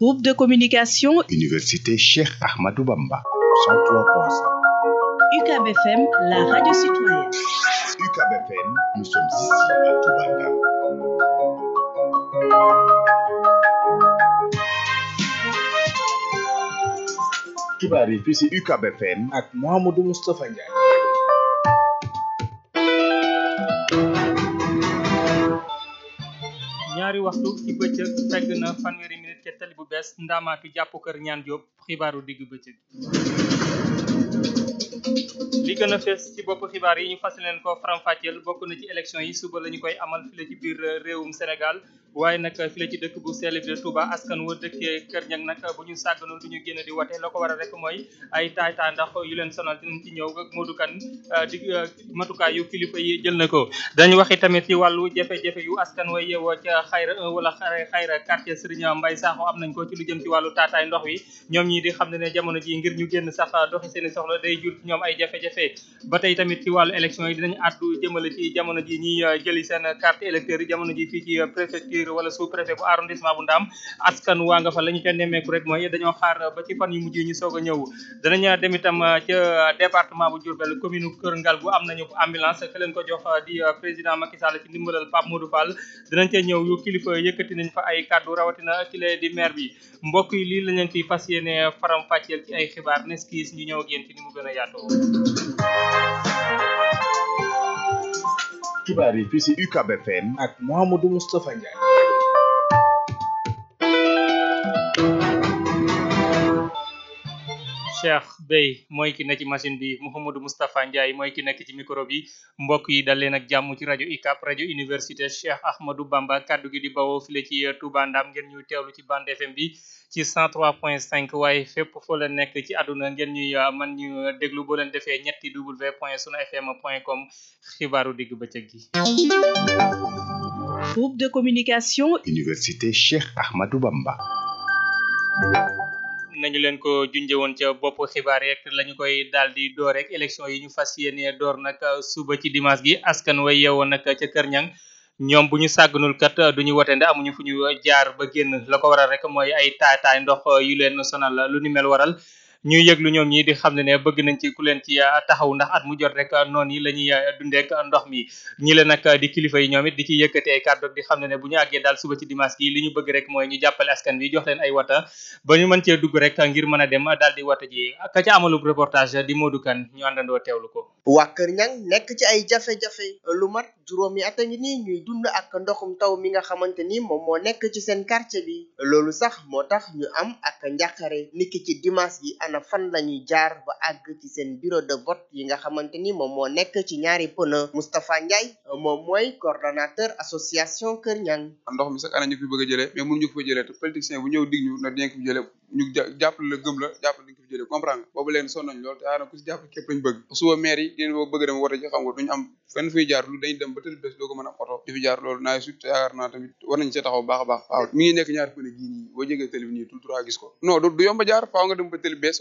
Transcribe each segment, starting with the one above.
Groupe de communication. Université Cheikh Ahmadou Bamba. 103.5. UKBFM, la radio citoyenne. UKBFM, nous sommes ici à Toubanda. xibaar yi fii si ak Mouhamadou Moustapha Ndiaye ñaari waxtu ci bëccëg fegg na fanweeri minute ca tali bu bees ndaamaatu jàpp kër ñaan Diop xibaaru digg bëccëg li gën a fees ci bopp xibaar yi ñu fas leen ko faram bokk na ci élection yi suba la koy amal fii ci biir euh, réewum Sénégal waaye nag euh, fii ci dëkk bu sell bi de Touba askan wa dëkkee Kër Niang nag bu ñu sàgganoon du ñu génn di wote la ko waral rek mooy ay taay taa ndax yu leen sonal dinañ ci ñëw ak Modou Kane euh, di matukaay yu kilifa yi jël na ko. dañu waxi tamit ci wàllu jafe-jafe yu askan wa yeewoo ca xayra wala xayra quartier Serigne Mbaye Sakho am nañ ko ci lu jëm ci wàllu taataay ndox wi ñoom ñi di xam ne ne jamono ji ngir ñu génn sax doxi seen ay jafe-jafe ba tey tamit ci wàllu élection yi dinañ àddu jëmale ci jamono ji ñuy uh, jëli seen carte électeur yi jamono ji fii ci uh, préfecture wala sous préfet bu arrondissement bu Ndaam askan waa nga fa la ñu nemmeeku rek mooy dañoo xaar uh, ba ci fan yu mujj ñu soog a ñëw danañ dem itam ca département bu Diourbel commune Kër Ngalgu am nañu ambulance ka ko jox di président Macky Sall ci ndimbalal Pape Modou Fall danañ ca ñëw yu kilifa yëkkati nañ a xibaar yi fii si UCAB FM ak Mouhamadou Moustapha Ndiaye Cheikh Bey mooy ki ne ci machine bi Mouhamadou Moustapha Ndiaye mooy ki nekk ci micro bi mbokk yi dal leen ak jàmm ci rajo UCAB rajo université Cheikh Ahmadou Bamba kaddu gi di bawoo file ci euh, Touba Ndam ngeen ñuy teewlu ci bande FM bi ci 103.5 waaye fépp foo leen nekk ci àdduna ngeen ñuy euh, man ñu euh, déglu boo leen defee ñetti w point sunu fm point com xibaaru digg bëccëg gi groupe de communication université Cheikh Ahmadou Bamba nañu leen ko junjee woon ca bopp xibaar yeeg lañu koy daal di door rek élection yi ñu fas yéenee door nag uh, suba ci dimanche gi askan way yeewoon nag ca Kër ñan ñoom bu ñu sàgganul kat uh, du ñu wote ndax amuñu fu ñu jaar ba génn la ko waral rek mooy ay taay ndox uh, yu leen sonal lu ni mel waral. ñuy yëglu ñoom ñi di xam ne ne bëgg nañ ci ku leen ci ah, taxaw ndax at mu jot rek ah, noonu yi la ñuy ah, dundeek ndox mi ñi la nag di kilifa yi ñoom it di ci yëkkati ay kàddu di xam ne ne bu ñu àggee daal suba ci dimanche gi li ñu bëgg rek mooy ñu jàppale askan bi jox leen ay wata ba ñu mën cee dugg rek ngir mën a dem daal di wata ji ka ca amalub reportage di Modou Kane ñu àndandoo teewlu ko waa Kër Ñang nekk ci ay jafe-jafe lu mat juróomi at a ngi nii ñuy dund ak ndoxum taw mi nga xamante ni moom moo nekk ci seen quartier bi loolu sax moo tax ñu am ak njàqare niki ci ana fan la ñuy jaar ba àgg ci seen bureau de vote yi nga xamante ni moom moo nekk ci ñaari pëna Moustapha Ndiaye moom mooy coordonnateur association Kër Ñang ndox mi sax ana ñu fi bëgg a jëlee mais mënuñu ko fa jëlee te politicien bu ñëw dig ñu na dinañ ko fi jëlee ñu jàppale la gëm la jàppale dañ ko fi jëlee comprendre boobu ba tëdd bés doo ko mën baax baax waaw nekk ñaari pëne gii nii boo jegee télé bi nii tout gis ko non du yomba jaar faaw nga dem bees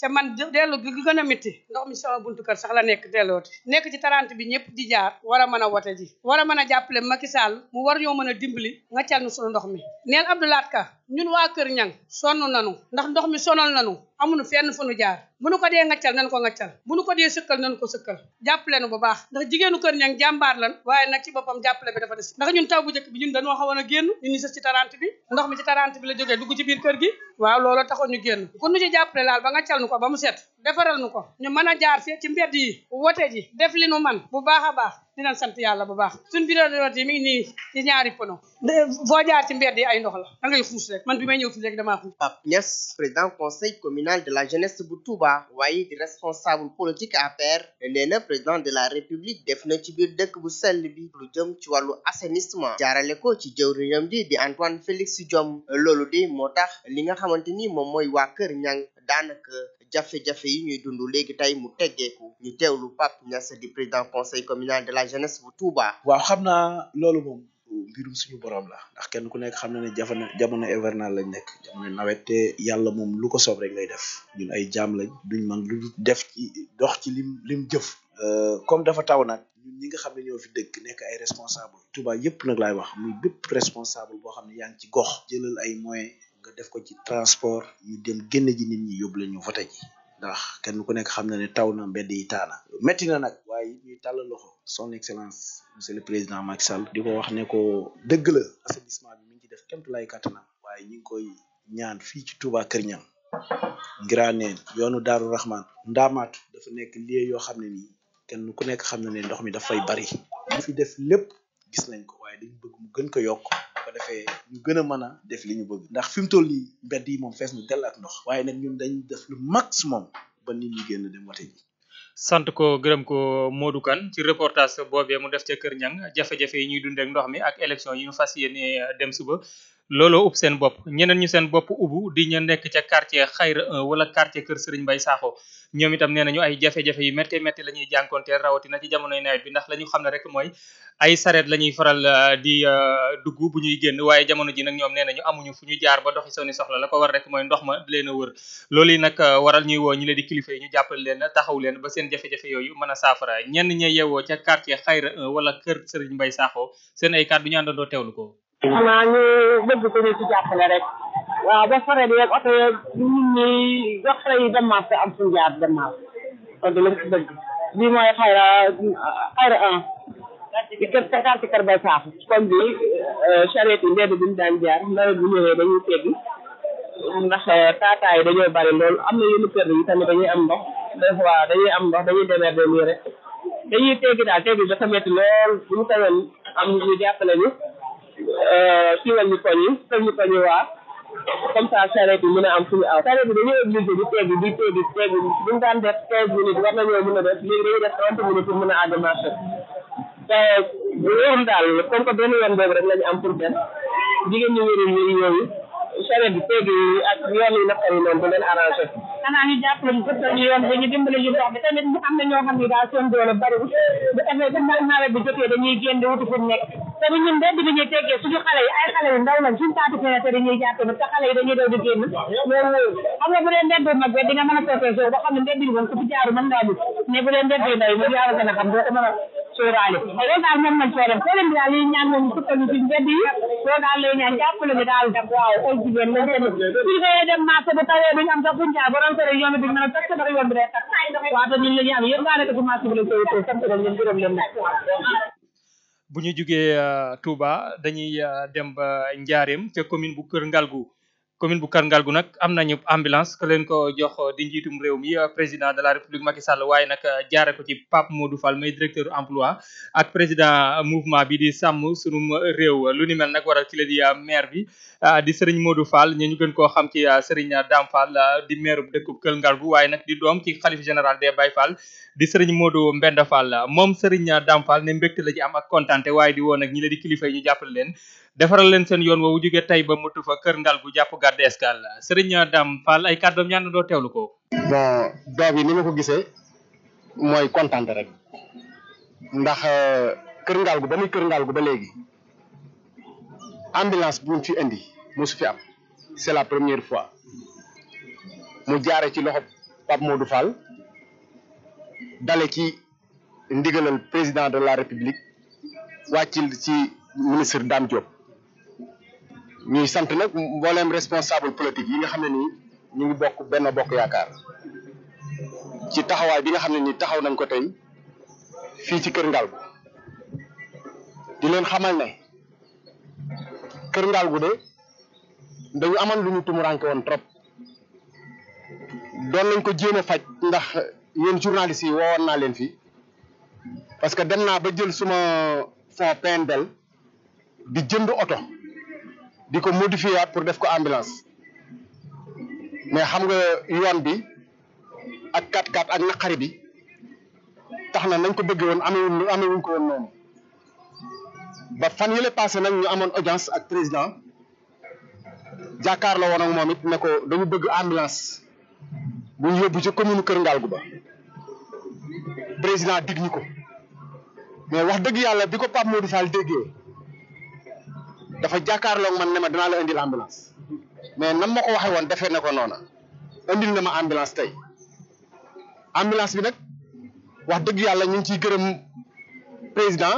ca man dellu gi gën a métti ndox mi sama buntu kër sax la nekk dellooti nekk ci tarante bi ñëpp di jaar war man a wote ji war a mën a jàppale Macky Sall mu war ñoo mën a dimbali nga calnu suñu ndox mi neel Abdou Lahad Ka ñun waa Kër ñan Ñang na nanu ndax ndox mi sonal nanu amuñu fenn fu nu jaar bu nu ko dee ngaccal nañ ko ngaccal bu nu ko dee sëkkal nañ ko sëkkal jàppale nu bu baax ndax Kër Ñang jàmbaar lan waaye nag ci boppam jàppale bi dafa des ndax ñun taw bu njëkk bi ñun dañoo xawoon a génn ñun ñu sës ci bi ndox mi ci tarante bi la jógee dugg ci biir kër gi waaw loolu taxoon ñu génn ku nu ci jàppale laal ba nga ngaccal nu ko ba mu set defaral nu ko ñu mën a jaar fee ci mbedd yi wote ji def li nu man bu baax baax dinañ sant yàlla bu baax suñ bidon yi mi ngi nii ci ñaari pono boo jaar ci mbedd yi ay ndox la da ngay xuus rek man bi may ñëw fii rek damaa xuus Pape Niass président conseil communal de la jeunesse bu Touba waaye di responsable politique APR nee na président de la république def na ci biir dëkk bu sell bi lu jëm ci wàllu assainissement jaarale ko ci jëw jëwriñam di bi Antoine Félix Diome loolu de moo tax li nga xamante ni moom mooy waa kër ñang daanaka jafe-jafe yi ñuy dund léegi tey mu teggeeku ñu teewlu Pape Niass di président conseil communal de la jeunesse bu Touba. waaw xam naa loolu moom mbirum suñu borom la ndax kenn ku nekk xam na ne jamono jamono hivernal lañ nekk jamono nawet te yàlla moom lu ko soob rek lay def ñun ay jaam lañ duñ man def ci dox ci lim lim jëf. Euh, comme dafa taw nag ñun ñi nga xam ne ñoo fi dëkk nekk ay responsable Touba yëpp nag laay wax muy bépp responsable boo xam ne yaa ngi ci gox jëlal ay moyens nga def ko ci transport ñu dem génn ji nit ñi yóbbu leen ñu vote ji ndax kenn ku nekk xam na ne taw na mbedd yi taana métti na nag waaye ñuy tàll loxo son excellence monsieur le président Macky Sall di ko wax ne ko dëgg la assainissement mi ngi ci def kémtu lay kàttanam waaye ñu ngi koy ñaan fii ci Touba Kër Ñam Ngiraaneen yoonu Daaru Rahman ndaamaatu dafa nekk lieu yoo xam ne nii kenn ku nekk xam na ne ndox mi dafay bari li fi def lépp gis nañ ko waaye dañ bëgg gën ko yokk defee ñu gën a mën a def li ñu bëgg ndax fi mu toll nii mbedd yi moom fees na dell ak ndox waaye nag ñun dañ def lu maximum ba nit ñi génn dem wote ji sant ko gërëm ko Modou Kane ci reportage boobee mu def ca Kër Niang jafe-jafe yi ñuy dundee ndox mi ak élection yi ñu fas yéene dem suba looloo ub seen bopp ñeneen ñu seen bopp ubu di ñu nekk ca quartier xayra 1 wala quartier kër Serigne Mbaye Sakho ñoom itam nee nañu ay jafe-jafe yu métti métti la ñuy jànkonteel rawatina ci jamonoy nawet bi ndax la ñu xam ne rek mooy ay sareet la ñuy faral euh, di euh, dugg bu ñuy génn waaye jamono ji nag ñoom nee nañu amuñu fu ñu jaar ba doxi soni soxla la ko war rek mooy ndox ma leen a wër loolu yi nag euh, ñuy woo ñu leen di kilifa ñu jàppal leen taxaw leen ba seen jafe yooyu mën a saafara ñenn ña yeewoo ca quartier xayra 1 wala kër Serigne Mbaye Sakho seen ay kàddu ñu àndandoo teewlu ko xanaa ñu bëgg ko ñu ci jàppale rek waaw ba pare bi rek am suñu jaar dem marché loolu lañ ci bëgg bii mooy xayra xayra un ci kër ci comme bi euh, charrette bi ñu daan jaar nawet bu ñëwee dañuy teggi ndax euh, taataay yi dañoo bari lool am na yenn kër yi tamit dañuy am ndox des fois dañuy am ndox dañuy demee dem yi rek dañuy teggi daal teggi dafa metti lool bu ñu tawoon am ñu jàppale ñu kiiwal euh, ñu poñ yi teg ñu poñ yi waa comme ça charrette bi mën a am fu ñu aw charrette bi dañoo obligé di teggi di teggi teggi bu ñu daan def quinze minutes war nañoo mën a def léegi dañuy def trente minutes pour mën a àgg marché te wóorum daal comme que benn yoon boobu rek la ñu am pour def jigéen ñi wëri yi yooyu charrette bi teggi yi ak yoon yi naqar yi noonu du leen arrangé xanaa ñu jàppale ñu gëstoo ñu yoon bi ñu dimbali ñu dox bi tamit am na ñoo xam ne daal seen doole bariwul bu nawet bi jotee dañuy génn di wuti fu nekk te ni ñun benn bi ñuy teggee suñu xale yi ay xale yu ndaw lañ suñu taatu fenêtre yi ñuy jàppee parce que xale yi dañuy daw di génn loolu wóoru xam nga bu dee mbedd bu mag bi di nga mën a toppee soo ba xam ne mbedd bi moom ku fi jaaru mën ngaa mais bu dee mbedd yu ndaw yi moom yaa gën a xam doo ko mën a sóoraale loolu daal moom lañ soo dem soo leen daal yi ñaan moom sukkal ñu suñu mbedd yi loolu daal lay ñaan jàppale ñu daal waaw ay jigéen lañ seen suñu koy dem marché bu tawee duñ am sax buñ jaar borom sore yoon bi mën a tax ndax yoon bi day tax waaw te ñun la ñu am yëpp gaa nekk ci marché bi lañ koy sant leen ñun gërëm leen nag bu ñu jugee euh, Touba dañuy euh, dem ba Njaareem ca commune bu Kër Ngalgu commune bu Kër Ngalgu nag am nañu ambulance ku leen ko jox di njiitum réew mi euh, président de la république Macky Sall waaye nag euh, jaare ko ci Pape Modou Fall may directeur emploi ak président mouvement bi di sàmm sunum réew lu ni mel nag waral ci la di euh, maire bi di Serigne Modou Fall ñu gën koo xam ci Serigne Dame Fall di maire bu dëkkub Kër Ngalgu waaye nag di doom ci xalif général des bay Fall di Serigne Modou Mbenda Fall moom Serigne Dame Fall ne mbégte la ci am ak waaye di woon ak ñi kilifa ñu jàppale leen defaral leen seen yoon woowu jóge tey ba mutu fa kër ndal gu jàpp gàdd escale Serigne Dame Fall ay kàddoom ñaan doo teewlu ko. bon doom yi ni ma ko gisee mooy kontaan rek ndax euh, kër ndal gu ba muy kër ndal gu ba léegi ambulance bu ci fi indi mosu fi am c'est la première fois mu jaare ci loxo Pape Modou Fall dale ci ndigalal président de la république wàccil ci ministre Dame Diop ñuy sant nag mbooleem responsable politique yi nga xam ne nii ñu ngi bokk benn bokk yaakaar ci taxawaay bi nga xam ne nii taxaw nañ ko tey fii ci kër Ngalgou di leen xamal ne kër Ngalgou de dañu amoon lu ñu tumuranke woon trop doon nañ ko jéem a faj ndax yéen journalistes yi woowoon naa leen fii parce que dem naa ba jël suma fond PNDL di jënd oto di ko modifier waat pour def ko ambulance mais xam nga yoon bi ak 4 x ak naqari bi tax na nañ ko bëggee woon amewuñ amewuñ ko woon noonu ba fan yële passé nag ñu amoon audience ak président jàkkaarloo woon ak moom it ne ko dañu bëgg ambulance bu ñu yóbbu ci commune Kër Ngaalgu ba président dig ñu ko mais wax dëgg yàlla bi ko Pape Modou Fall déggee. dafa jàkkaarloog man ne ma danaa la indil ambulance mais nan ma ko waxee woon defee na ko noona indil na ma ambulance tey ambulance bi nag wax dëgg yàlla ñu ngi ciy gërëm président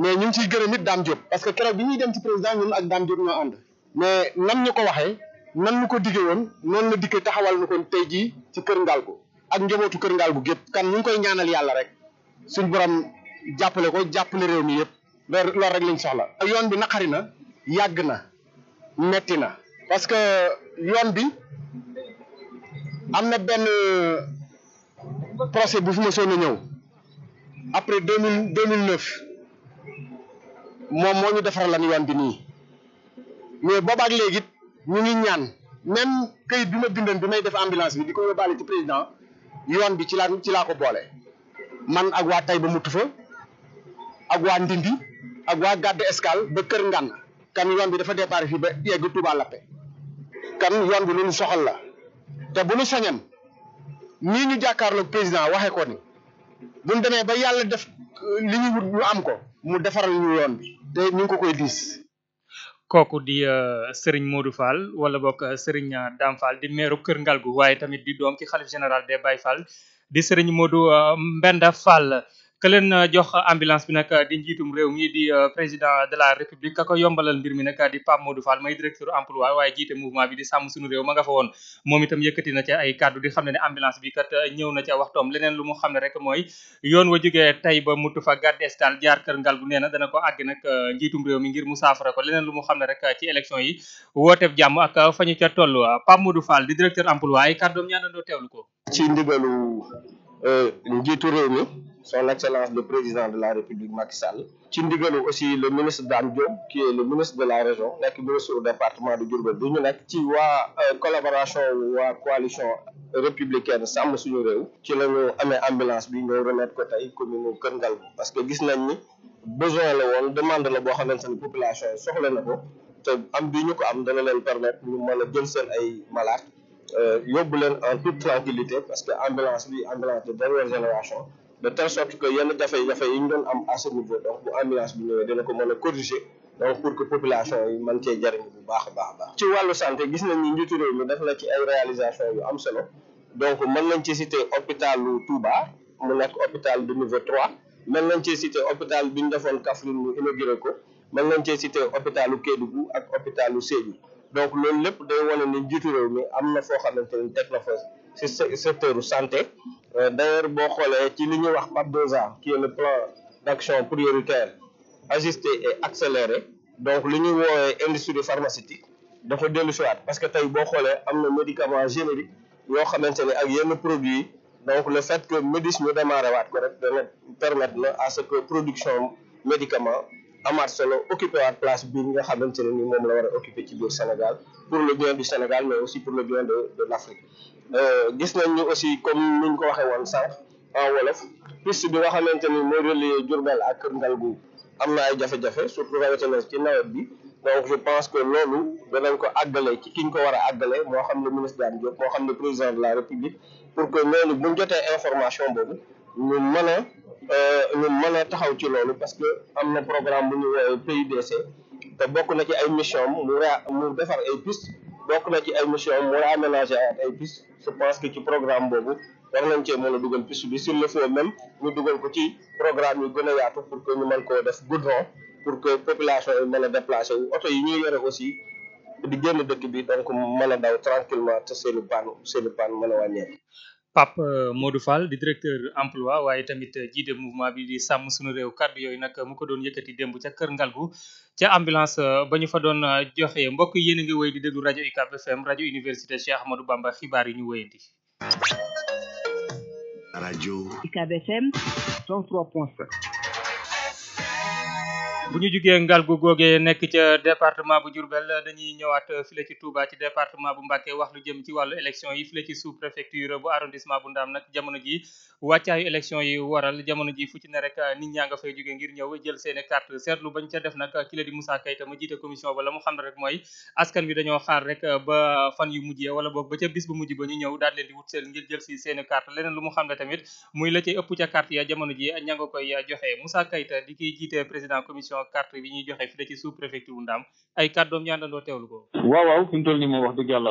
mais ñu ngi ciy gërëm it Dame Diop parce que keroog bi ñuy dem ci président ñun ak Dame Diop ñoo mais nan ñu ko waxee nan ñu ko diggee yoon noonu la dikkee taxawal ñu ko tey jii ci kër Ngalgou ak njabootu kër Ngalgou gépp kan ñu ngi koy ñaanal yàlla rek suñ borom jàppale ko jàppale réew mi yëpp loolu rek lañ soxla yoon bi naqari na yàgg na metti na parce que yoon bi am na benn euh, procès bu fi mësoon a ñëw après deux mille deux mille neuf moom moo ñu defar lan yoon bi nii mais boobaak léegi ñu ngi ñaan même kayit bi ma bindoon bi may def ambulance bi di ko yóbbaale ci président yoon bi ci laa ci laa ko boole man ak waa Taïba Moutoufa ak waa Ndindi ak waa Gadde Escale ba Kër Ngane kan yoon bi dafa départ fii ba yegg Touba Lappé kan yoon bi lu ñu soxal la te bu ñu sañan nii ñu jàkkaarloog président waxe ko ni bu ñu demee ba yàlla def euh, li ñu wut ñu am ko mu defaral ñu yoon bi te ñu ngi ko koy diis. kooku di euh, Serigne Modou Fall wala book euh, Serigne Dame Fall di meeru Kër Ngalgu waaye tamit di doom ci xalif général des Baye Fall di Serigne Modou Mbenda Fall. ka leen euh, jox ambulance bi nag di njiitum réew mi di euh, président de la république ka ko yombalal mbir mi nag di Pape Modou Fall may directeur emploi waaye jiite mouvement bi di sàmm suñu réew ma nga fa woon moom itam yëkkati na ci ay kàddu di xam ne ne ambulance bi kat euh, na ci waxtoom leneen lu mu xam ne rek mooy yoon wa jógee tey ba mutu fa gardestal jaar kër ngal bu nee na dana ko àgg nag njiitum réew mi ngir mu saafara ko leneen lu mu xam ne rek ci élection yi wooteef jàmm ak fa ñu ca toll Pape Modou Fall di directeur emploi ay kàddoom ñaanandoo teewlu ko ci ndigalu njiitu réew mi son excellence le président de la république Macky Sall ci ndigalu aussi le ministre Dame Diop qui est le ministre de la région nekk ministre du département de Diourbel bi nekk ci waa euh, collaboration waa coalition républicaine sàmm suñu réew ci la amee ambulance bi ñoo remettre ko tey commune Kër Ngalgou parce que gis nañ ni besoin la woon demande la boo xamante ni population yi soxla na ko te am bi ñu ko am dana leen permettre ñu mën a jël seen ay malaat euh, yóbbu leen en toute tranquillité parce que ambulance bi ambulance de dernière de telle sorte que yenn jafe-jafe yi ñu doon am à ce niveau donc bu ambulance bi ñëwee dina ko mën a corriger donc pour que population yi man cee jariñ bu baax a baax baax. ci wàllu santé gis nañ ni njiitu réew mi def na ci ay réalisation yu am solo donc mën nañ ci citer hôpitalu Touba mu nekk hôpital de niveau 3 mën nañ ci citer hôpital bi ñu defoon Kaffrine mu inauguré ko mën nañ ci citer hôpitalu Kédougou ak hôpitalu Sédhiou donc loolu lépp day wane ni njiitu réew mi am na foo xamante ni teg na si secteur santé euh, d'ailleurs boo xoolee ci li ñuy wax PAP2A qui est le plan d'action prioritaire ajusté et accéléré donc li ñuy woowee industrie pharmaceutique dafa dellu si parce que tey boo xoolee am na médicament générique yoo xamante ne ak yenn produits donc le fait que Médis ñu démarré waat ko rek dana permettre na à ce que production médicament amaat solo occupé waat place bii nga xamante ne ni moom la war a occupé ci biir Sénégal pour le bien du Sénégal mais aussi pour le bien de l'Afrique euh, gis nañ ñu aussi comme ni ñu ko waxee woon sànq en wolof piste bi nga xamante ni mooy relier Diourbel ak Kër Ngalgou am na ay jafe-jafe surtout rawatina ci nawet bi donc je pense que loolu danañ ko àggale ci ki ñu ko war a àggale moo xam ne ministre Dame Diop moo xam ne président de la République pour que loolu bu jotee information boobu ñu mën Euh, ñu mën a taxaw ci loolu parce que am na programme bu ñu woowee PUDC te bokk na ci ay mission mu ra mu defar ay piste bokk na ci ay mission mu réaménager at ay piste je pense que ci programme boobu war nañ cee mën a dugal piste bi s'il le faut même ñu dugal ko ci programme yu gën a yaatu pour que ñu mën koo def goudron pour que population yi mën a déplacé wu oto yi ñuy yore aussi di génn dëkk bi donc mën a daw tranquillement te seeni panne seeni panne mën a wàññeeku Pape euh, Modou Fall di directeur emploi waaye tamit euh, jiite mouvement bi di sàmm suñu réew kàddu yooyu nag mu ko doon yëkkati démb ca kër ngalgu ca ambulance euh, ba ñu fa doon joxe mbokk yéen a ngi wéy di déglu rajo UCAB FM rajo université Cheikh Ahmadou Bamba xibaar yi ñu wéyandi. di UCAB FM bu ñu jugee ngalgu googee nekk ca département bu Diourbel dañuy ñëwaat file ci Touba ci département bu Mbacké wax lu jëm ci wàllu élection yi file ci sous préfecture bu arrondissement bu Ndaam nag jamono ji wàccaayu élection yi waral jamono ji fu ci ne rek nit ñaa nga fay jógee ngir ñëw jël seeni carte seetlu bañ ca def nag ki di Moussa Kayta ma jiite commission ba la mu xam ne rek mooy askan bi dañoo xaar rek ba fan yu mujjee wala boog ba ca bis ba mu xam ne tamit muy la ca ëpp ca carte ya jamono ji commission carte bi ñuy joxe fii ci sous préfecture bu Ndam ay kàddoom ñu àndandoo teewlu ko. waaw waaw fi mu toll nii moom wax dëgg yàlla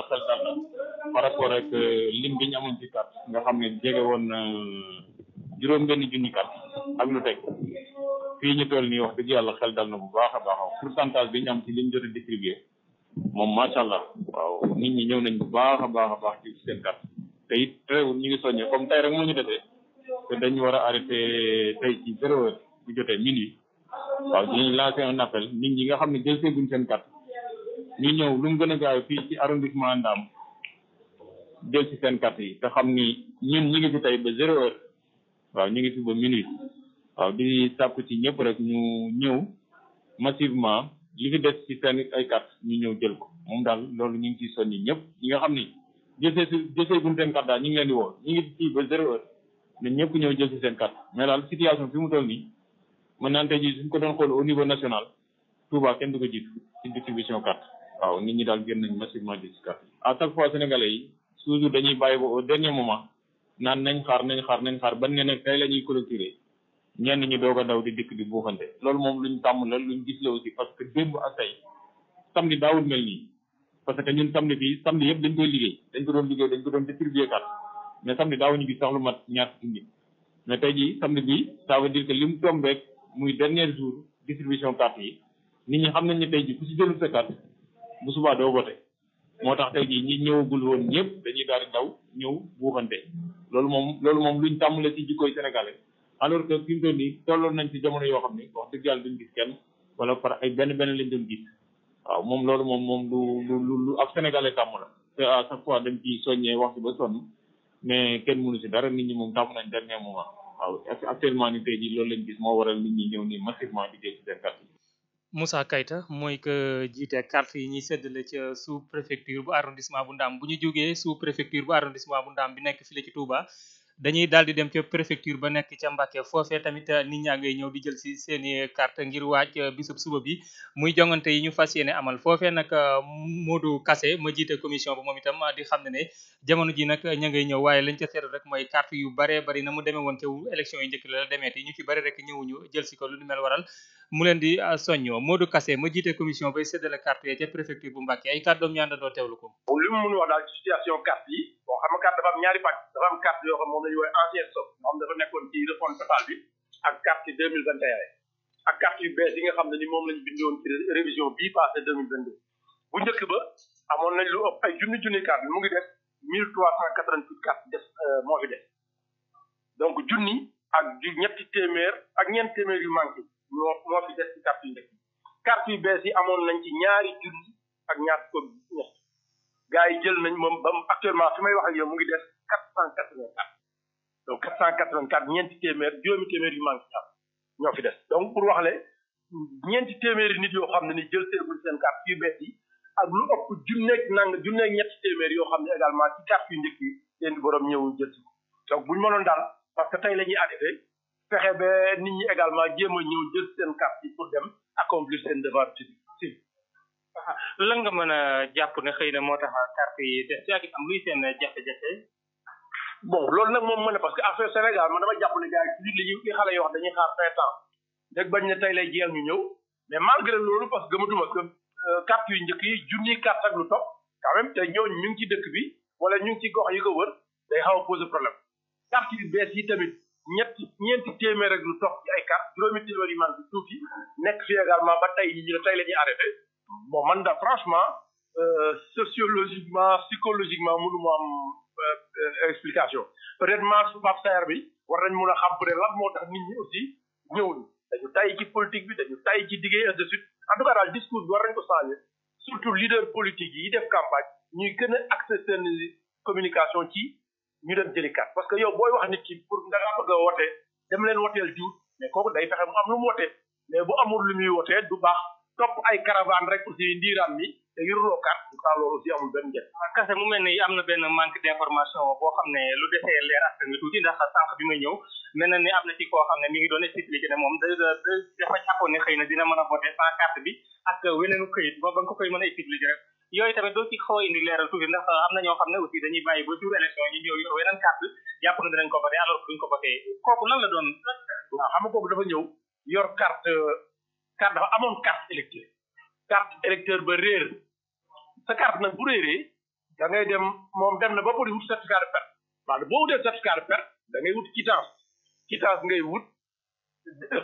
rapport ak euh, lim bi ñu amoon ci carte nga xam ne jege woon euh, juróom benn junni carte ak lu teg fii ñu toll nii wax dëgg yàlla xel dal na bu baax a baax pourcentage bi ñu am ci liñ jot a distribué moom macha allah waaw nit ñi ñëw nañ bu baax a baax a baax ci seen carte te ñu ngi soññee comme tey rek moo ñu defee te dañu war a arrêté tey ci zéro heure bu jotee minuit waaw dinañ lancer un appel nit ñi nga xam ne jël seeguñ seen carte ñu ñëw lu mu gën a gaaw fii ci arrondissement Ndam jël seen kat yi te xam ni ñu ñu ngi fi tey ba zéro heure waaw ñu ngi fi ba minuit waaw di sàkku ci ñëpp rek ñu ñëw massivement li fi des ci seen ay carte ñu ñëw jël ko moom daal loolu ñu ngi ciy sonni ñëpp ñi nga xam ni jësee si jësee guñ seen carte daal ñu ngi leen di woo ñu ngi fii ba zéro heure ne ñëpp ñëw jël ci seen kat mais daal situation fi mu toll nii mën naan tey jii suñ ko doon xool au niveau national Touba kenn du ko ci distribution carte waaw nit ñi daal génn massivement ji ci carte à chaque fois sénégalais yi toujours dañuy bàyyi ba au dernier moment naan nañ xaar nañ xaar ñi doog a daw di dikk di buuxante loolu mel nii parce que ñun samedi fii samedi yëpp dañ koy liggéey dañ ko doon liggéey dañ ko doon distribuer carte mais samedi daawuñu gis sax muy dernier jour distribution carte yi nit ñi xam nañ ne tey jii ku si jëlul sa carte bu subaa doo vote moo tax tey jii ñi ñëwagul woon ñëpp dañuy daal di daw ñëw buuxante loolu moom loolu moom luñ tàmmale ci jikkooy sénégale alors que fi mu toll nii tolloon nañ ci jamono yoo xam ne wax dëgg yàlla duñ gis kenn wala par ay benn benn lañ doon gis waaw moom loolu moom moom lu lu lu ab sénégalais tàmm la te à chaque fois dañ ci soññee wax ci ba sonn mais kenn mënu si dara ni ñi moom tàmm nañ waaw actuellement ni tey jii loolu lañ moo waral nit ñi ñëw nii massivement di jël ci seen carte Kayta mooy que jiite carte yi ñuy séddale ca sous préfecture bu arrondissement bu Ndam bu ñu jógee su préfecture bu arrondissement bu Ndam bi nekk fii la ci Touba dañuy daal di dem ca préfecture ba nekk ca Mbacké foofee tamit uh, nit ñaa ngay ñëw di jël si seen carte ngir waaj uh, bisub suba bi muy jongante yi ñu fas yéene amal foofee nag uh, Modou Kassé ma jiite commission ba moom itam di xam ne ne jamono ji nag ña ngay ñëw waaye lañ ca rek mooy carte yu bare bari na mu demee woon ca élection yu njëkk la demee te ñu ci bari rek ñëwuñu jël si ko lu mel waral mu leen di soññoo moodu Kassé ma jiite commission bay séddale carte yi ca préfecture bu Mbacké ay kàddoom ñaandandoo teewlu ko li mu mun wax daal ci carte yi boo xam carte dafa am ñaari pàcc dafa am carte yoo xam moom la ñuy stock moom dafa nekkoon ci refonte totale bi ak carte yi deux mille vingt et ak carte yu bees yi nga xam ne ni moom lañ bindoon ci révision bii passé deux mille vingt deux bu njëkk ba amoon nañ lu ëpp ay junni junni carte mu ngi def mille trois cent quatre vingt huit carte des euh, moo fi donc junni ak ju ñetti téeméer ak ñeent téeméer yu manqué moo moo fi des ci carte yu njëkk yi carte yu bees yi amoon nañ ci ñaari junni ak ñaar ko ñett yi jël nañ moom ba actuellement fi may wax ak yow mu ngi def quatre cent quatre vingt quatre donc quatre cent quatre vingt quatre ñeenti téeméer juróomi téeméer yu manqué sax ñoo fi des donc pour wax le ñeenti téeméeri nit yoo xam ne ni jël seeguñ seen carte yu bees ak lu ëpp junneeg nang junneeg ñetti téeméer yoo xam ne également ci carte yu njëkk yi seen borom ñëw jël si bu ñu mënoon daal parce que tey la ñuy arrêté ba nit ñi également jéem a ñëw jël seen carte yi pour dem accomplir seen devoir civique lan nga mën a jàpp ne xëy ne moo tax carte yi des ci ak am luy seen jafe-jafe bon loolu nag moom mën na parce que affaire Sénégal man dama jàpp ne gars yi toujours li ñuy li xale yi wax dañuy xaar vingt ans rek bañ ne tey lay jeex ñu ñëw mais malgré loolu parce que gëmatuma que carte euh, yu njëkk yi junniy carte ak lu topp quand te ñooñu ñu ngi ci dëkk bi wala ñu ngi ci gox yi ko wër day xaw a poser problème carte yu bees yi tamit ñett ñeenti téeméer ak lu topp ci ay carte juróomi téeméer yi man bi tuuti nekk fi également ba tey ñu ne tey la ñuy arrêté bon man da franchement euh, sociologiquement psychologiquement mënu mu am Euh, euh, explication peut-être masse Pape Saer bi war nañ mun a xam peut-être lan moo tax nit ñi aussi ñëwuñu dañu tay ci politique bi dañu tay ci liggéey ainsi de suite en tout cas daal discours bi war nañ ko changer surtout leader politique yi def campagne ñuy gën a accès seen communication ci ñu dem jëli parce que yow booy wax nit ki pour nga bëgg a wote dem leen woteel diw mais kooku day fexe mu am lu mu mais bu amul lu muy wotee du baax topp ay caravane rek aussi ndiiraan mi te yoruloo carte pourtant loolu aussi amul benn njëriñ. Ah, mel ni am na benn manque information boo xam ne lu desee leer askan wi tuuti ndax ñëw mel na ni am na ci koo xam ne mi ngi doon moom da dafa jàppoon ne xëy na dina mën a voté sans ba ko koy mën a yooyu tamit doo ci xaw a indi leeral tuuti ah, am na ñoo xam ne aussi dañuy bàyyi ba jour élection ñu ñëw yor weneen carte jàpp na dinañ ko voté alors que duñ ko voté kooku lan la doon. waaw xam kooku dafa ñëw yor carte carte dafa amoon carte électeur carte électeur ba réer sa carte nag bu réeree da ngay dem moom dem na ba pare wut certificat de perte maanaam boo wutee certificat de perte da ngay wut quittance quittance ngay wut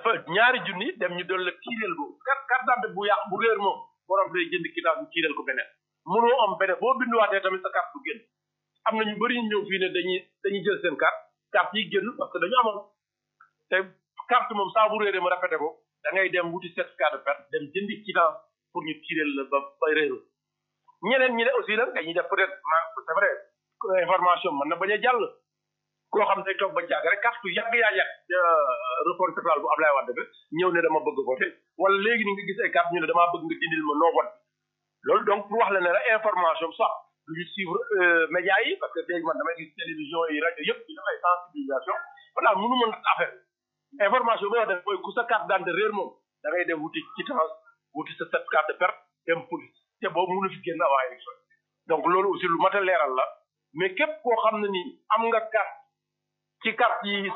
fa ñaari junni dem ñu doon la tiireel ko carte carte bu yàq bu réer moom borom day jënd quittance ñu tiireel ko beneen mënoo am beneen boo binduwaatee tamit sa carte du génn am na ñu bëri ñëw fii ne dañuy dañuy jël seen carte carte yi génn parce que dañu amoon te carte moom saa bu ma répété da ngay dem wuti set de perte dem jëndi quittance pour ñu tiireel la ba bay réeru ñeneen ñi ne aussi nag dañuy def peut-être man c'est vrai information mën na bañ a jàll koo xam ne toog ba jàgg rek kàttu yàgg yaa yàgg euh, réforme fédérale bu Ablaye ñëw ne dama bëgg voté wala léegi ni nga gis ñu ne damaa bëgg nga dindil ma loolu donc wax la ne la information sax du ñu euh, yi parce que léegi man damay gis télévision yi rajo yëpp ñu def ay sensibilisation maanaam mënu affaire information bi nga wax ne mooy ku sa carte d'identité réer moom da dem wuti ci trans wuti sa certificat de perte dem police te boobu mënu fi génn avant donc loolu aussi lu mat leeral la mais képp koo xam ne ni am nga carte ci carte yi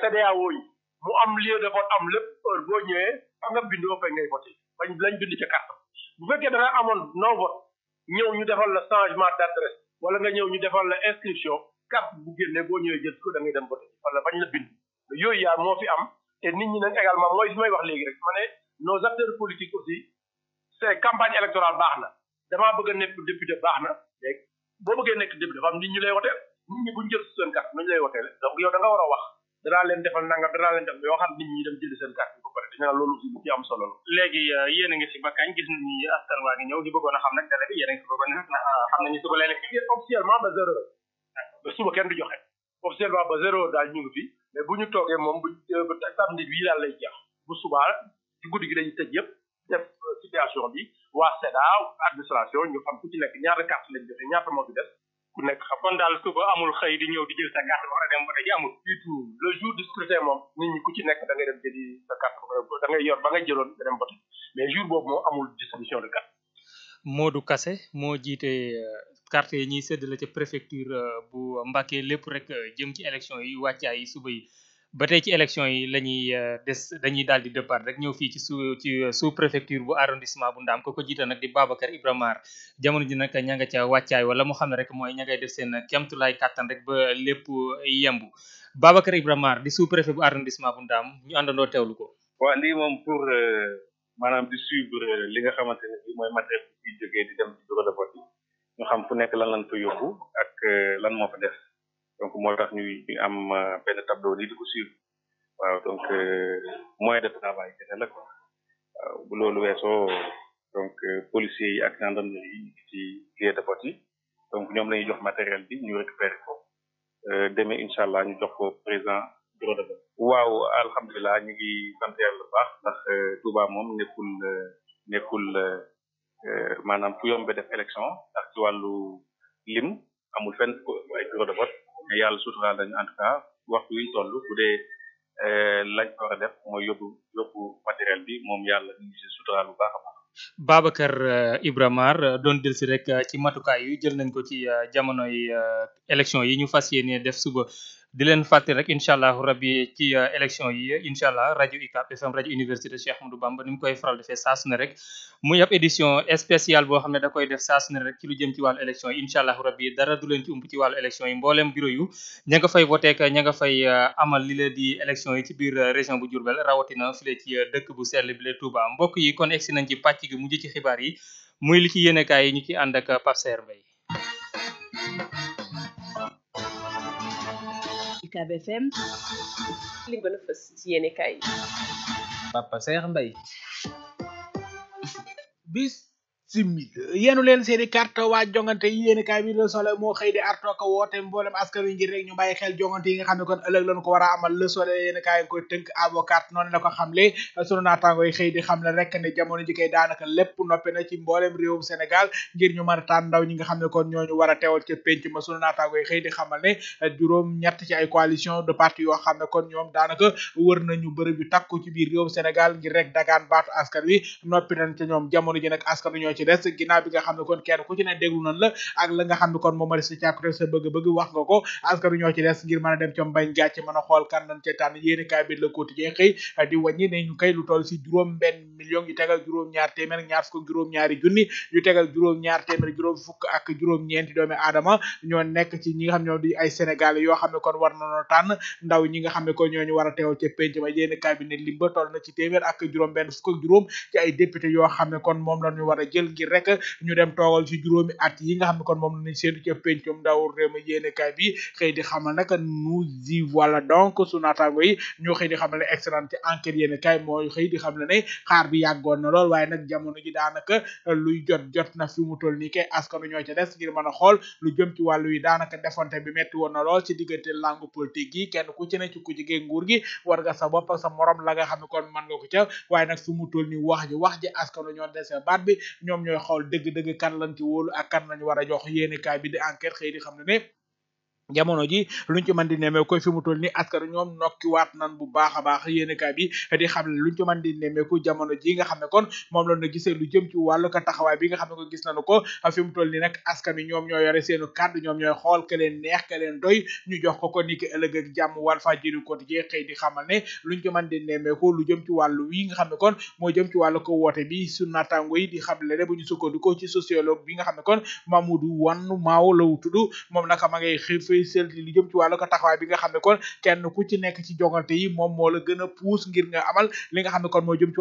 CEDEAO yi mu am lieu de vote am lépp heure boo ñëwee fa nga bindoo fay ngay voté bañ lañ bind ca bu fekkee da amoon non vote ñëw ñu defal la changement d' adresse wala nga ñëw ñu defal la inscription carte bu génnee boo ñëwee jël ko da ngay dem voté wala bañ la bind yooyu moo fi am te nit ñi nag également mooy li may wax léegi nos acteurs politiques aussi c'est campagne électorale baax na damaa bëgg a nekk député baax na léeg boo bëggee nekk député dafa am nit ñu lay woteel nit ñi bu jël seen carte nu ñu lay woteel donc yow da nga war a wax danaa leen defal nangam danaa leen def mais waxal nit ñi dem seen carte bi ba pare dañu naan loolu aussi lu euh, a ngi gis ni askan waa ngi ñëw di bëggoon xam nag délai bi yéen a ngi si bëggoon a xam ah, nañu suba lay lekk officiellement ba zéro joxe officiellement ba zéro heure daal ñu ngi fi mais bu ñu toogee moom bu samedi euh, bii daal lay jeex bu subaa ci guddi gi dañu tëj yëpp def euh, situation bi waa SEDA administration ñu xam ku ci nekk ñaata carte lañ joxe ñaata daal suba xëy di ñëw di jël sa moom nit ñi ku ci nekk da ngay yor ba nga jëloon nga mais boobu amul distribution de carte Modou Kassé moo jiite euh, carte yi ñuy séddale ca préfecture euh, bu Mbacké lépp rek jëm ci élection yi wàccaa yi suba yi ba tey ci élection yi la ñuy euh, des dañuy daal di départ rek ñëw fii ci sous ci euh, sous préfecture bu arrondissement bu Ndaam ko ko jiite nag di Babacar Ibrahima jamono ji nag ña nga ca wàccaay wala mu xam ne rek mooy ña ngay def seen kemtulaay kàttan rek ba lépp yemb Babacar Ibrahima di sous préfet bu arrondissement bu Ndaam ñu àndandoo teewlu ko. wa lii moom pour euh, maanaam di suivre li nga xamante ne bii mooy matériel bi jógee di dem ci bureau de vote ñu xam fu nekk lan lan fa yóbbu lan moo donc moo tax ñu am euh, benn tableau nii di ko suivre waaw donc euh, moyen de travail kese la quoi loolu weesoo donc euh, policiers yi ak gendarmerie yi ci lieu de vote yi donc ñoom lañu jox matériel bi ñu récupérer ko demee incha allah ñu jox ko président bureau de vote waaw alhamdulilah ñu ngi sant yàlla baax ndax Touba moom nekkul nekkul maanaam fu yombe def élection ndax ci wàllu lim amul fen ay bureau de vote mais yàlla suturaal dañu en tout cas waxtu wi ñu toll bu euh, lañ ko def mooy yóbbu matériel bi moom yàlla ñu ngi si baax a baax. Babacar euh, Ibra Mar euh, doon delsi rek ci matukaay yu jël nañ ko ci jamonoy élection yi ñu fas yéene def suba. di leen fàttali rek incha allah rabbi ci euh, élection yi incha allah rajo UCAB FM rajo université Cheikh Ahmadou Bamba ni mu koy faral defee saa su ne rek muy ab édition spéciale boo xam ne da koy def saa su ne rek ci lu jëm ci wàllu élection yi incha allah rabbi dara du leen ci ump ci wàllu élection yi mbooleem bureau yu nga fay voté ak fay euh, amal li la di élection yi ci biir euh, région bu Diourbel rawatina file ci dëkk bu sell bi la mbokk yi kon egsi nañ ci pàcc gi mujj ci xibaar yi muy li ci yéenekaay yi ñu ci ànd ak Pape Saer Mbaye UCAB FM li gën a fës ci Papa Saer bis timide yenu leen seeni carte waa jongante yi yéeni kaay bi Le Soleil moo xëy di artooka woote mboolem askan wi ngir rek ñu bàyyi xel jongante ne kon ko war a amal Le Soleil yéeni kaay koy tënk avocat noonu la ko xamle sunu naataango yi xëy di xam le rek ne jamono ji kay daanaka lépp noppi na ci mboolem réewum Sénégal ndaw ñi nga xam ne kon ñooñu war a teewal ca pénc ma sunu naataango yi xëy di xamal ne juróom ñett ci ay coalition de parti yoo xam ne kon ñoom daanaka wër nañu bërëb yu takku ci biir réewum Sénégal ngir rek dagaan baatu askan wi noppi nañ ca ñoom jamono ji nag askan wi ñoo ci des ginnaaw bi nga xam ne kon kenn ku ci ne déglu nañ la ak la nga xam ne kon moom mari sa càkkute sa bëgg-bëgg wax nga ko askanu ñoo ci des ngir mën a dem ca mbañ gàcc mën a xool kan lañ ca tànn yéeni kaay bi Le ci ñi nga xam ñoo di ay Sénégal yoo xam ne kon war nañoo tànn ndaw ñi nga xam ne kon a teew ca penc ma yéeni kaay bi ne lim na ci téeméer ak juróom benn fukk juróom ci ay député yoo xam ne kon moom la ñu war jël ngir rek ñu dem toogal ci juróomi at yi nga xam ne kon moom la ñu séntu ca pencum ndaw réew mi yéenekaay bi xëy di xamal y voilà donc su naataango yi ñoo xëy di xamal ne excellente enquête yéenekaay mooy xëy xam na lool waaye nag jamono ji daanaka luy jot jot na fi mu toll nii kay askanu ñoo ca des ngir mën a xool lu jëm ci wàllu yi daanaka defonte bi metti woon na lool ci diggante langue politique gi kenn ku ci ne ku jege nguur gi war nga sa bopp sa morom la nga xam ne kon mën nga ko ca waaye nag fi mu toll nii wax ji wax ji askanu ñoo dese baat bi ñoom ñoom ñooy xool dëgg-dëgg kan lañ ci wóolu ak kan lañ war a jox yéenekaay bi di enquête xëy di xam ne ne jamono ji luñ ci mën di nemee koy fi mu toll a xam ne luñ ci mën di nemeeku jamono ji nga xam ne kon moom la ñu gisee lu jëm ci wàllu ko taxawaay bi nga xam ne ko gis nañu ko fi mu toll nii nag askan wi ñoom ñoo yore seenu kàddu ñoom ñooy xool ke ko ko ni ki ëllëg ak jàmm Walfadjri quotidien xëy di xamal ne luñ ci mën di nemeeku lu jëm ci wàllu wi nga xam ne kon moo jëm ci wàllu ko woote bi su naataango yi di xam le bu ñu ko ci sociologue bi nga xam ne kon Mamadou Wan Maaw la tudd moom nag ma ngay xiir koy selti lu jëm ci wàllu a taxawaay bi nga xam ne kon kenn ku ci nekk ci jongante yi moom moo la gën a puus ngir nga amal li nga xam kon moo jëm ci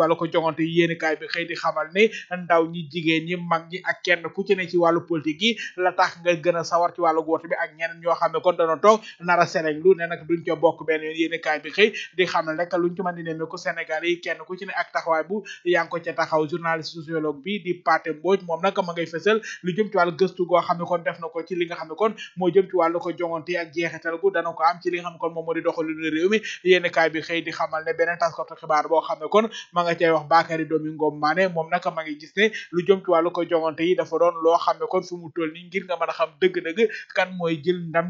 wàllu a a sereg gëstu goo xam kon def na ko ci li nga xam kon moo jëm ci wàllu jongante ak jeexital gu dana ko am ci li nga xam ne kon moom moo di doxalinu réew mi yénn kaay bi xëy di xamal ne beneen taskatu xibaar boo xam ne kon ma nga cay wax Bakary Domingo Mané moom nag ma ngi gis ne lu jëm ci wàllu ko jongante yi dafa doon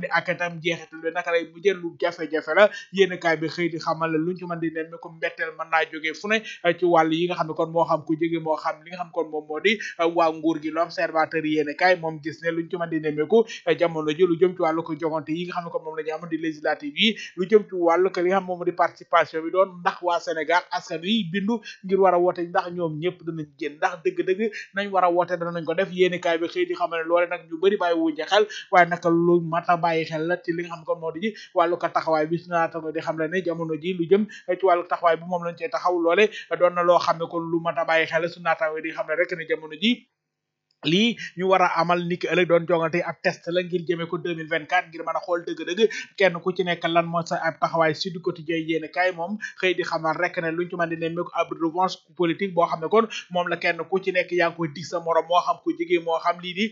a xam dëgg lu jafe-jafe la yénn kaay bi xëy di xamal ne luñ ci mën di nemmi eh, eh, ko moom gis ne luñ ci eh, lu jëm jogante yi nga xam ne ko moom la ñu am di législative yi lu jëm ci moom di bi doon ndax waa Sénégal askan wi bindu ngir war a woote ndax ñoom ñëpp danañ génn ndax dëgg-dëgg nañ war a woote danañ ko def yéeni kaay bi xëy di xam ne loole nag ñu bëri bàyyi wuñ ci xel waaye nag lu mat a bàyyi xel la ci li nga xam kon moo di ji wàllu taxawaay bi su naata ko di xam ne ne jamono ji lu jëm ci taxawaay bi moom lañ cee taxaw loole doon na loo xam ne kon lu mat a bàyyi xel su naata ko xam ne rek ne jamono ji lii ñu war a amal niki ëllëg doon jongante a test la ngir jëmee ko 2024 ngir mën a xool dëgg-dëgg kenn ku ci nekk lan moo sa ab taxawaay Sud Quotidien yéen kaay moom xëy di rek ne luñ ci mën di nemmeeku ab revanche boo xam ne kon moom la kenn ku ci nekk yaa sa morom moo xam ku jege moo xam bi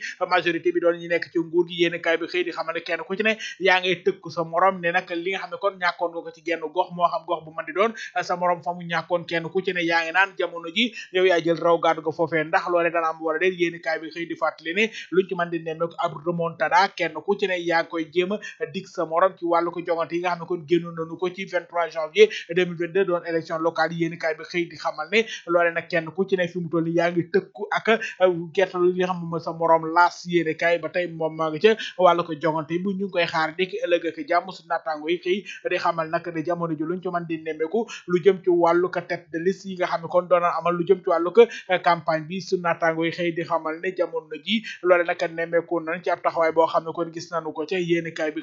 doon nekk ci yéen kaay bi xëy di xamal ne kenn ku ci ne yaa ngay tëkku sa morom ne nag li nga xam ne kon ñàkkoon nga ko genn gox moo xam gox bu mën di doon sa morom fa kenn ku ne yaa ngi naan jamono ji yow yaa jël raw gàddu ko foofee ndax loolee dana am wala déet yéen kaay yéenekaay bi xëy di fàttali ne luñ ci mën di nemmeeku ab remontada kenn ku ci ne yaa ngi koy jéem a dig sa morom ci wàllu ko euh, ñu ngi di ki ëllëg ak jàmm di xamal nag ne jamono de liste yi nga xam kon doon amal lu jëm ci wàllu ko euh, campagne bi su di xamal ne ne jamono ji loole nag nemmeeku nañ ne kon gis nañu ko ci yéeni kaay bi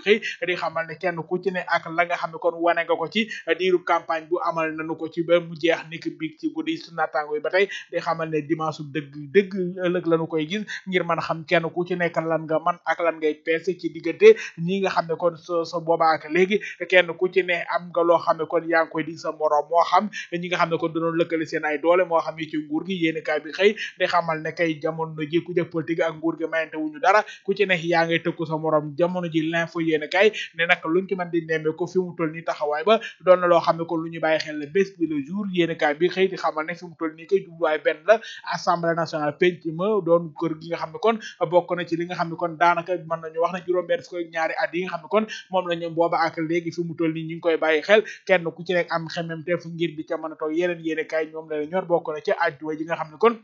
kenn ku ci ne ak la nga xam ne kon wane nga ko ci diiru campagne bu amal ko ci ba mu jeex niki biig ci guddi su naataango yi ba tey di xamal ne dimanche dëgg dëgg ëllëg lañu koy gis ngir mën a xam kenn ku ci nekk lan nga man ak lan ngay peese ci diggante ñi nga xam ne kon sa sa booba ak léegi kenn ku ci ne am nga loo xam ne kon yaa ngi koy di sa moroom moo xam ñi nga xam ne kon dañoo lëkkale seen ay doole moo xam ne ci nguur gi yéeni kaay bi xëy di xamal ne kay jamono ji gi ku jëkk politique ak nguur gi mayante wuñu dara ku ci nekk yaa ngay tëkku sa morom jamono ji l'info yéen kay ne luñ ci mën di nemmee ko fi mu toll ni taxawaay ba doon na loo xam ne kon lu ñu bàyyi xel la bés bi le jour ne fi mu toll nii koy jubluwaay benn la assemblée doon kër gi nga xam ne kon bokk na ci li nga xam ne kon daanaka mën nañu wax ne juróom benn yi nga xam ne kon moom la ñu booba ak léegi fi mu toll nii ñu ngi koy bàyyi xel kenn ku ci nekk am xemem teef ngir bi ca mën a toog yeneen yéen kay ñoom la ñor bokk na ci ajjuwa ji nga xam ne kon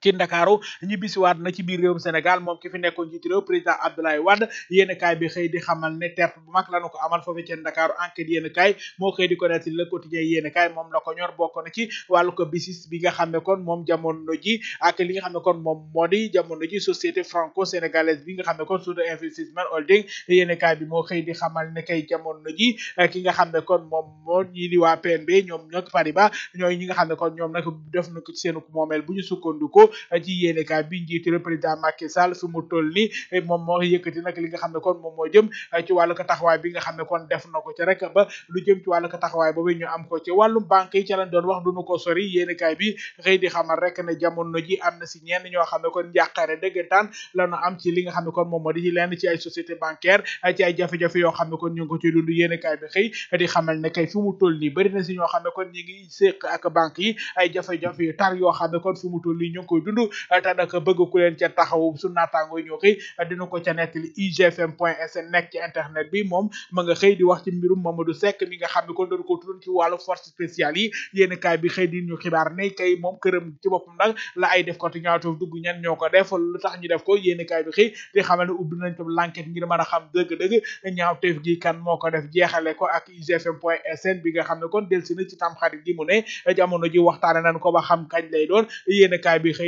ci ndakaaru ñibbisiwaat na ci biir réewum Sénégal moom ki fi nekkoon njiitu réew président Abdoulaye Wade yéen kaay bi xëy di xamal ne terp bu mag la nu ko amal foofu ci ndakaaru enquête yéen kaay moo xëy di moom la ko ñor bokk na ci wàllu bi nga xam ne kon moom jamono ji ak li nga xam ne kon moom moo di jamono ji société franco sénégalaise bi nga xam ne kon Soudan Investment Holding yéen kaay bi moo xëy xamal ne kay jamono ji eh, ki nga xam ne kon moom moo ñi di waa PNB ñoom nag Paribas ñooy ñi nga xam ne kon ñoom nag def na ko ci seen moomeel bu ñu sukkandikoo réew ci xam ne kon moom moo jëm ci xam ne kon def na ko ci rek am yi ca lañ doon wax duñu na si ñenn ñoo xam ne kon njàqare la lanu am ci li nga xam ne kon moom moo di ci lenn ci ay société bancaire ay jafe-jafe yoo xam ne kon ñu ngi ko ci dund yéenekaay bi xëy di xamal ne kay fi mu toll nii bëri na koy dund eh, te nag bëgg ku leen ca taxawu su naataango ñoo xëy eh, dina ko ca nettali igfm point sn nekk ci internet bi moom ma nga xëy di wax ci mbirum Mamadou Seck mi nga xam ne kon doon ko tuddoon ci wàllu force spéciale yi yéen kaay bi xëy di ñu xibaar ne kay moom këram ci boppam nag la ay def ko te ñaawteef dugg ñoo ko def lu tax ñu def ko yéen kaay bi xëy di xamal ne ubbi nañ tam l'enquête ngir mën a xam dëgg-dëgg ñaawteef gi kan moo ko def jeexale ko ak igfm point sn bi nga xam ne kon delsi na ci tam xarit gi mu ne eh, jamono ji waxtaane nañ ko ba xam kañ lay doon yéen kaay bi xëy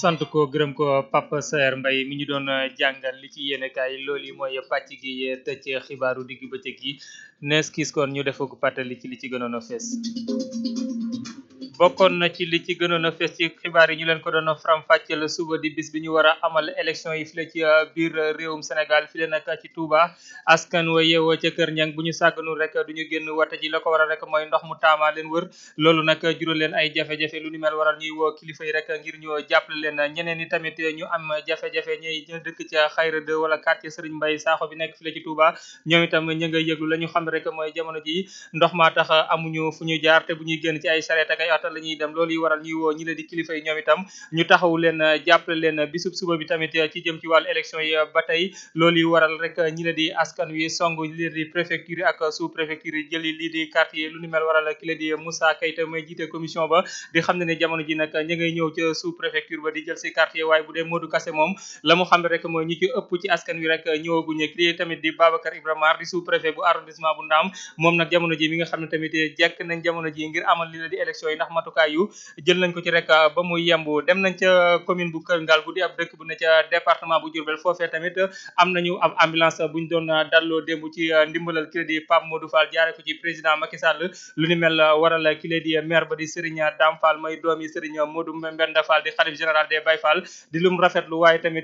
sant ko gërëm ko Pape Saer Mbaye mi ñu doon uh, jàngal li ci yéenekaay loolu yi mooy pàcc gi uh, tëj xibaaru digg bëccëg yi nees kiis kon ñu defoo ko pàttali ci li ci gënoon a fees bokkoon na ci li ci gënoon a fees ci xibaar yi ñu leen ko doon faram fàcceel suba di bis bi ñu war a amal élection yi file ci euh, biir euh, réewum Sénégal file bu ñu sàgganul rek du ñu génn wate ji la ko waral rek mooy ndox mu taamaa leen wër loolu nag jural leen ay jafe-jafe lu ni mel waral ñuy woo kilifa yi rek ngir ñu jàppale leen ñeneen ñi tamit ñu am jafe-jafe ñuy dëkk ca Xayra 2 wala quartier Serigne Mbaye Sakho bi nekk file ci Touba ñoom itam ña nga yëglu la ñu xam rek mooy jamono ji ndox maa tax amuñu fu ñu jaar te hôpital la ñuy dem loolu yi waral ñi la di kilifa yi ñoom itam ñu taxaw leen jàppale leen bisub suba bi tamit ci jëm ci wàllu élection yi ba tey loolu yi waral rek ñi la di askan wi song ñi la di préfecture ak sous préfecture yi jëli lii di quartier lu ni mel waral ki la di Moussa Kayta may jiite commission ba di xam ne ne jamono ji nag ñi ñëw ca sous préfecture ba di jël si quartier waaye bu dee Modou Kassé moom la mu xam rek mooy ñi ci ëpp ci askan wi rek matukaay yu jël nañ di euh, ab dëkk bu ne ca département bu Diourbel foofee tamit euh, am nañu ab ambulance buñ doon euh, dalloo démb ci ndimbalal crédit Pape Modou Fall jaare ko ci président Macky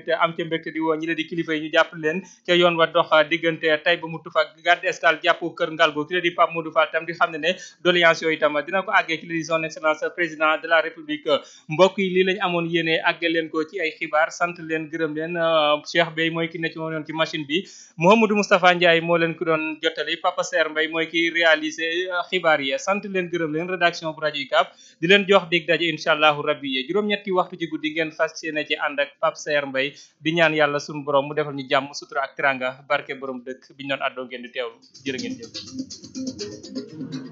ca mbégte di woo ñi la di kilifa yi ñu jàpp leen ca yoon wa dox diggante tay ba mu tufa Garde Escale jàpp Kër Ngalgu ki la di Pape Modou Fall tam di xam ne ne doléance yooyu tam dina ko àggee ci la excellence président de la république mbokk yi lii lañ amoon yéene àggal leen ko ci ay xibaar sant leen gërëm leen euh, Cheikh Bey mooy ki ne ci moom leen ci machine bi Mouhamadou Moustapha Ndiaye moo leen ko doon jottali Papa Ser Mbaye mooy ki réalisé euh, xibaar yi sant leen gërëm leen rédaction bu rajo UCAB di leen jox di daje incha allahu rabbi yi juróom-ñetti waxtu ci guddi ngeen fas yéene ci ànd ak Papa Ser Mbaye di ñaan yàlla sunu borom mu defal ñu jàmm sutura ak teranga barke borom dëkk bi ñu doon àddoo ngeen di teewlu jërë ngeen jëf